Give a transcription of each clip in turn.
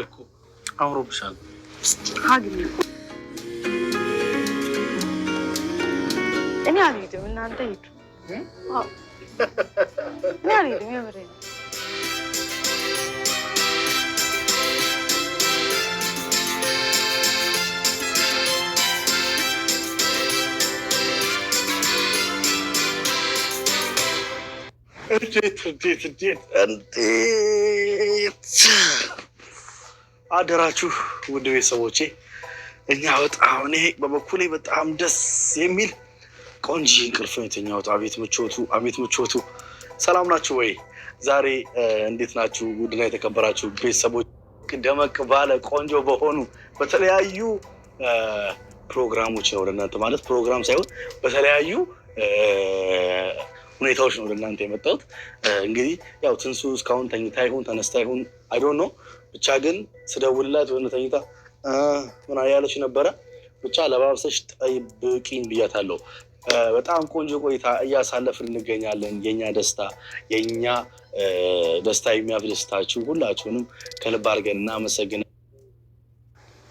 ልኩ አውሮብሻል እኔ አልሄድም። እናንተ ሄዱ። እኔ አልሄድም። የምሬ ነው። እንዴት እንዴት እንዴት እንዴት አደራችሁ ውድ ቤተሰቦቼ፣ እኛ በጣም እኔ በበኩሌ በጣም ደስ የሚል ቆንጂ እንቅልፍ የተኛሁት። አቤት ምቾቱ፣ አቤት ምቾቱ። ሰላም ናችሁ ወይ? ዛሬ እንዴት ናችሁ? ውድና የተከበራችሁ ቤተሰቦች ደመቅ ባለ ቆንጆ በሆኑ በተለያዩ ፕሮግራሞች ነው ወደ እናንተ ማለት ፕሮግራም ሳይሆን በተለያዩ ሁኔታዎች ነው ለእናንተ የመጣሁት። እንግዲህ ያው ትንሱ እስካሁን ተኝታ ይሁን ተነስታ ይሁን አይዶን ነው ብቻ ግን ስደውልላት የሆነ ተኝታ ምን ያለች ነበረ። ብቻ ለባብሰሽ ጠብቂኝ ብያታለሁ። በጣም ቆንጆ ቆይታ እያሳለፍን እንገኛለን። የኛ ደስታ የኛ ደስታ የሚያስደስታችሁ ሁላችሁንም ከልብ አድርገን እናመሰግናለን።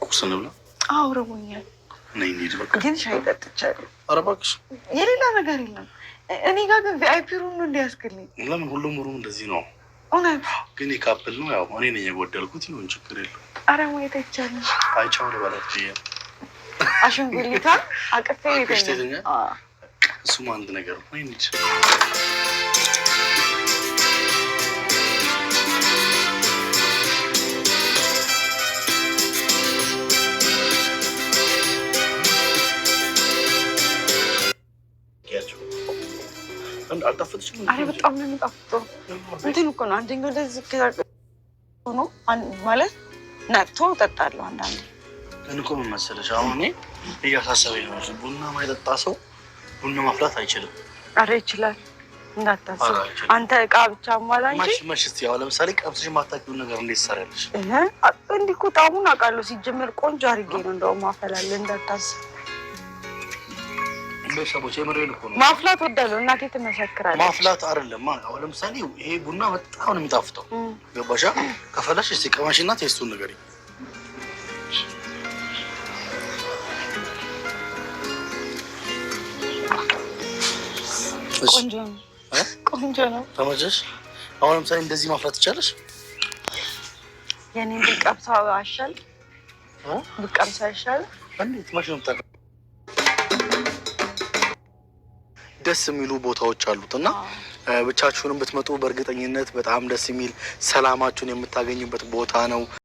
ቁርስ ንብላ አዎ ግን ሻይ ጠጥቻለሁ። ኧረ እባክሽ የሌላ ነገር የለም። እኔ ጋር ግን ቪአይፒ ሩም ነው እንዲያስገልኝ። ለምን ሁሉም ሩም እንደዚህ ነው? እውነት ግን የካፕል ነው። ያው እኔ ነኝ የጎደልኩት። ይሁን ችግር የለውም። ኧረ ማየት አይቻልም። አይቻው ለባለት አሸንጉሊታ አቅፌ እሱም አንድ ነገር ነው። አሳያቸው። አልጣፈጥሽም? ኧረ በጣም ነው የሚጣፍጠው። እንትን እኮ ነው አንደኛው እንደዚህ ሆኖ ማለት ነቅቶ እጠጣለሁ። አንዳንዴ ግን እኮ ምን መሰለሽ፣ አሁን እኔ እያሳሰበኝ ነው። ቡና ማይጠጣ ሰው ቡና ማፍላት አይችልም። ኧረ ይችላል እንዳታስብ አንተ እቃ ብቻ ማላ እንጂ መሽ ያው ለምሳሌ ቀብስሽ የማታውቂውን ነገር እንዴት ትሰሪያለሽ? እንዲህ እኮ ጣሙን አውቃለሁ። ሲጀመር ቆንጆ አድርጌ ነው እንደውም አፈላለሁ። እንዳታስብ ቤተሰቦች የምሬን እኮ ነው። ማፍላት ወዳለሁ እናቴ ትመሰክራለች። ማፍላት አይደለም አሁን ለምሳሌ ይሄ ቡና በጣም ነው የሚጣፍጠው። ገባሻ? ከፈለሽ እስኪ ቅመሽ ቴስቱን ንገሪኝ። ቆንጆ ነው፣ ቆንጆ ነው። ተመቸሽ? አሁን ለምሳሌ እንደዚህ ማፍላት ትቻለሽ? የኔን ብቀምሰው አይሻልም? ብቀምሰው አይሻልም? እንዴት መቼ ነው የምታውቀው? ደስ የሚሉ ቦታዎች አሉት እና ብቻችሁንም ብትመጡ በእርግጠኝነት በጣም ደስ የሚል ሰላማችሁን የምታገኙበት ቦታ ነው።